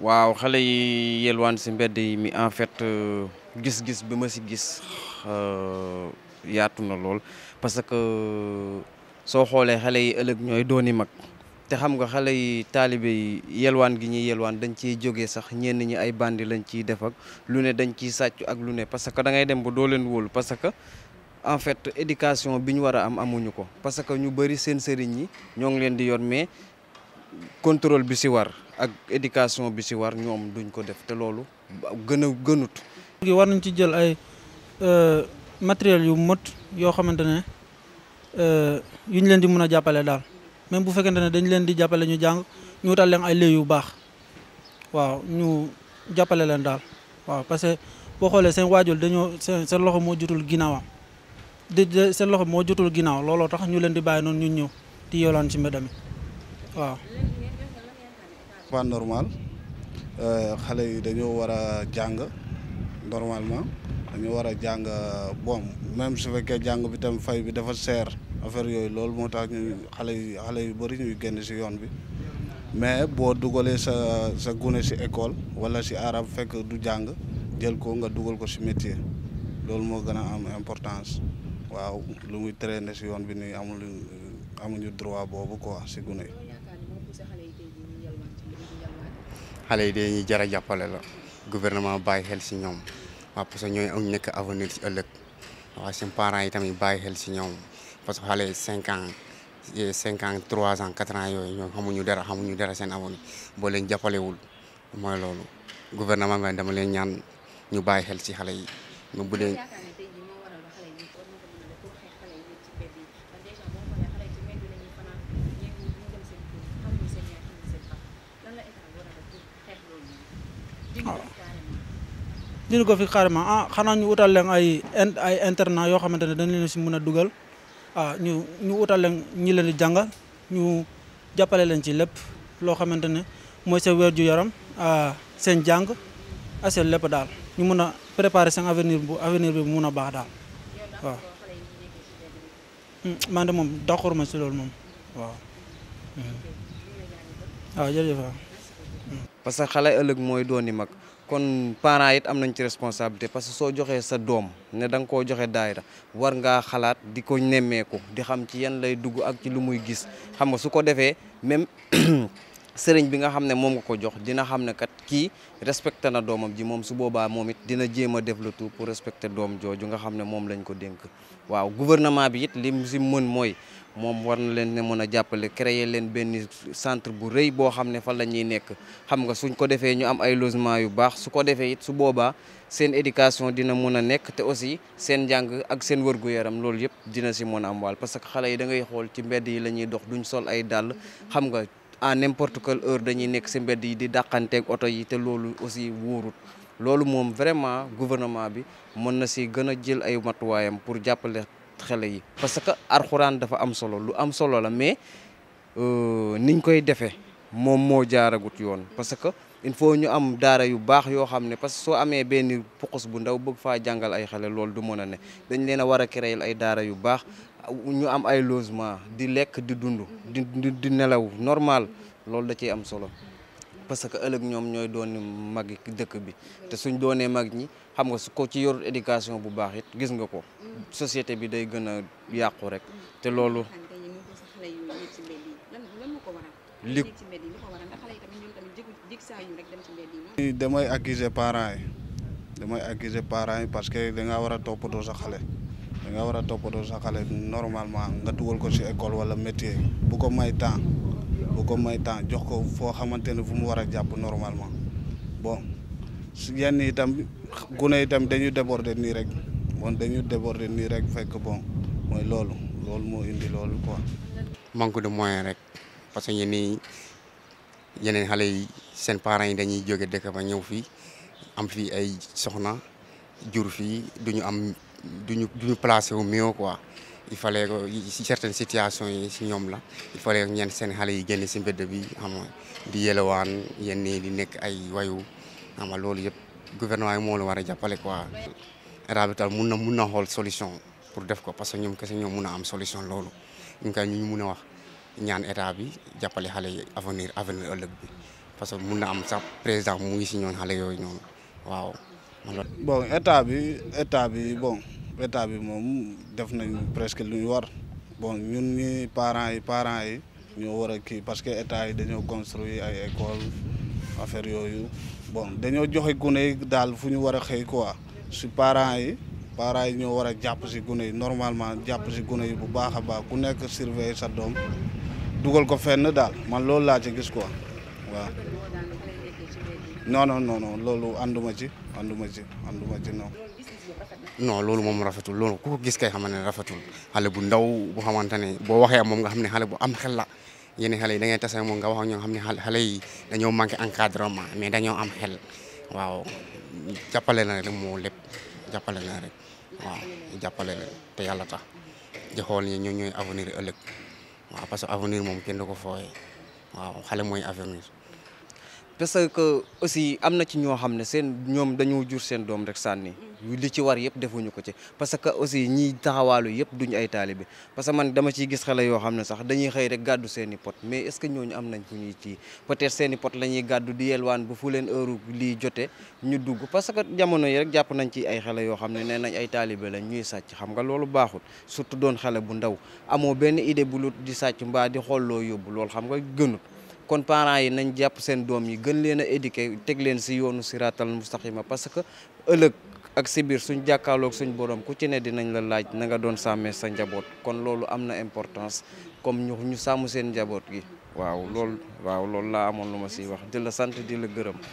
Wow, xalé yi yelwaan ci mbedd yi mi en fait euh, gis-gis bi ma ci gis euh yatuna lol parce que euh, so xolé xalé yi ëllëg ñooy dooni mag té xam nga xalé yi talibé yi yelwaan gi ñuy yelwaan dañ ci joggé sax ñen ñi ay bandi lañ ci def ak lu né dañ ci saccu ak lu né parce que da ngay dem bu do leen wul parce que en fait éducation biñ wara am amuñu ko parce que ñu bari seen sëriñ yi ñong leen di yor mais contrôle bi ci war ak éducation bi si war ñoom duñ ko def te loolu gën a gënut war nañ ci jël ay euh, matériel yu mot yoo xamante ne euh, yuñ leen di mën a jàppale daal même bu fekkente ne dañ leen di jàppale ñu jang ñu tal leen ay lieu yu baax waaw ñu jàppale leen daal waaw parce que boo xoolee seen waajur dañoo seen seen loxo moo jotul ginnaawam di seen loxo moo jotul ginnaaw looloo tax ñu leen di bàyyi non ñu ñëw di yoolaan ci waaw pas normal euh, xalé yi dañu wara jang normalement dañu wara jang bon même su fekkee jang bi tam fay bi dafa ser affaire yoy loolu motax ñu xalé yi xalé yu bari ñuy genn si yoon bi mais bo dugolé sa sa gune si école wala si arab fekk du jang jël ko nga dugol ko ci métier loolu mo gëna am importance waaw lu muy traîner ci yoon bi ni amul amuñu droit bobu quoi si gune xale yi dañuy jar a jàppale la gouvernement bàyyi xel si ñoom waaw parce que ñooy am nekk avenir si ëllëg waa seen parents yi tamit bàyyi xel si ñoom parce que xale yi cinq ans cinq ans trois ans quatre ans yooyu ñoom xamuñu dara xamuñu dara seen avenir boo leen jàppalewul mooy loolu gouvernement bi dama leen ñaan ñu bàyyi xel si xale yi même bu dee li ñu ko fi xarma ah xana ñu utal leen ay ay internat yo xamantene dañ leen ci mëna duggal ah ñu ñu utal leen ñi leen di jangal ñu jappalé leen ci lepp lo xamantene moy sa wër ju yaram ah, seen jàng ak seen lépp daal ñu mëna préparer seen avenir bu avenir bi mëna baax daal waaw. Hmm, man de mom d'accord ma ci lool mom waaw. waaw hmm. ah, jërëjëf waaw. Hmm. parce que xalé ëlëk moy dooni mag. kon parents it am nañ ci responsabilité parce que soo joxee sa doom ne da nga koo joxe daayira war ngaa xalaat di ko nemmeeku di xam ci yan lay dugg ak ci lu muy gis xam nga su ko defee même sëriñ bi nga xam ne moom nga ko jox dina xam ne kat kii respecté na doomam ji moom su boobaa moom it dina jéem a def pour respecter doom jooju nga xam ne moom lañ ko dénk waaw gouvernement bi it lim si mën mooy moom war na leen ne mën a jàppale créer leen benn centre bu rëy boo xam ne fan la ñuy nekk xam nga suñ ko defee ñu am ay losements yu baax su ko defee it su boobaa seen éducation dina mën a nekk te aussi seen njàng ak seen wërgu-yaram loolu yëpp dina si mën a am waal parce que xale yi da ngay xool ci mbedd yi la ñuy dox duñ sol ay dàll xam nga à n'importe quelle heure dañuy nek se mbedd yi di yi te lolu aussi vraiment gouvernement bi mën na jël pour parce que alcorane dafa am solo lu am solo la mais euh, niñ koy parce que il faut am parce que so amé benn puqus bu ndaw bëgg fa jangal ay xalé lolu du mëna né dañ ñu am ay losement di lekk di dund di di nelaw normal loolu da ciy am solo parce que ëllëg ñoom ñooy doon mag dëkk bi te suñ doonee mag ñi xam nga su ko ci yor éducation bu baax it gis nga ko société bi day gën a yàqu rek te loolu li damay accuser parents yi damay accuser parents yi parce que da ngaa war a toppatoo sa xale nga war a toppatoo sa xale normalement nga dugal ko si école wala métier bu ko may temps bu ko may temps jox ko foo xamante ne fu mu war a jàpp normalement bon yenn itam gune itam dañuy déborder nii rek bon dañuy déborder nii rek fekk bon mooy loolu loolu moo indi loolu quoi. manque de moyen rek parce que ñenn yeneen xale yi seen parent yi dañuy jóge dëkk ba ñëw fii am fii ay soxna jur fi duñu am. duñu duñu placé wu mieux quoi il fallait que si yi si ñoom la il fallait que seen xale yi génn si mbedd bi xam nga di yelewaan yenn di nekk ay wayu xam nga loolu yëpp gouvernement yi moo la war a jàppale quoi. état mun na mun na xool solution pour def ko parce que ñoom kese ñoom mun a am solution loolu ñu kay ñu mun a wax ñaan état bi jàppale xale yi avenir avenir ëllëg bi parce que mun na am sax président mu ngi si ñoom xale yooyu noonu waaw. bon état bi moom def nañ presque lu ñu war bon ñun ñi parents yi parents yi ñoo war a kii parce que état yi dañoo construire ay école affaire yooyu bon dañoo joxe gune yi daal fu ñu war a xëy quoi si parents yi parents yi ñoo war a jàpp si gune yi normalement jàpp si gune yi bu baax a baax ku nekk surveiller sa doom dugal ko fenn daal man loolu laa ci gis quoi waaw non non non non loolu ànduma ci ànduma si ànduma ci non non loolu moom rafetul loolu ku ko gis kay xam ne rafetul xale bu ndaw bu xamante ne boo waxee moom nga xam ne xale bu am xel la yéen xale yi dangay ngay tase moom nga wax ak ñoo xam ne xale yi dañoo manqué encadrement mais dañoo am xel waaw jàppale na rek moo lépp jàppale na rek waaw jàppale na te yàlla tax di xool ñi ñoo ñooy avenir ëllëg waaw parce que avenir moom kenn du ko fooyee waaw xale mooy avenir parce que aussi am na ci ñoo xam ne seen ñoom dañoo jur seen doom rek sànni mm. li ci war yëpp defuñu ko ci parce que aussi ñiy taxawaalu yëpp duñu ay taalibe parce que man dama ciy gis xale yoo xam ne sax dañuy xëy rek gàddu seeni pot mais est-ce que ñooñu am nañ fu ñuy ci peut-être seen pot la ñuy gàddu di yelwaan bu fu leen heure lii jotee ñu dugg parce que jamono yi rek jàpp nañ ci ay xale yoo xam ne nee nañ ay taalibe lañ ñuy sàcc xam nga loolu baaxul surtout doon xale bu ndaw amoo benn idée bu lu di sàcc mbaa di xool loo yóbbu loolu xam nga gënut kon parents yi nañ jàpp seen doom yi gën leen a éduquer teg leen si yoonu siraatal mustaqima parce que ëllëg ak si biir suñ jàkkaarloog suñ borom ku ci ne dinañ la laaj nanga doon sàmmee sa njaboot kon loolu am na importance comme ñu ñu sàmm seen njaboot gi waaw loolu waaw loolu laa amoon lu ma siy wax di la sant di la gërëm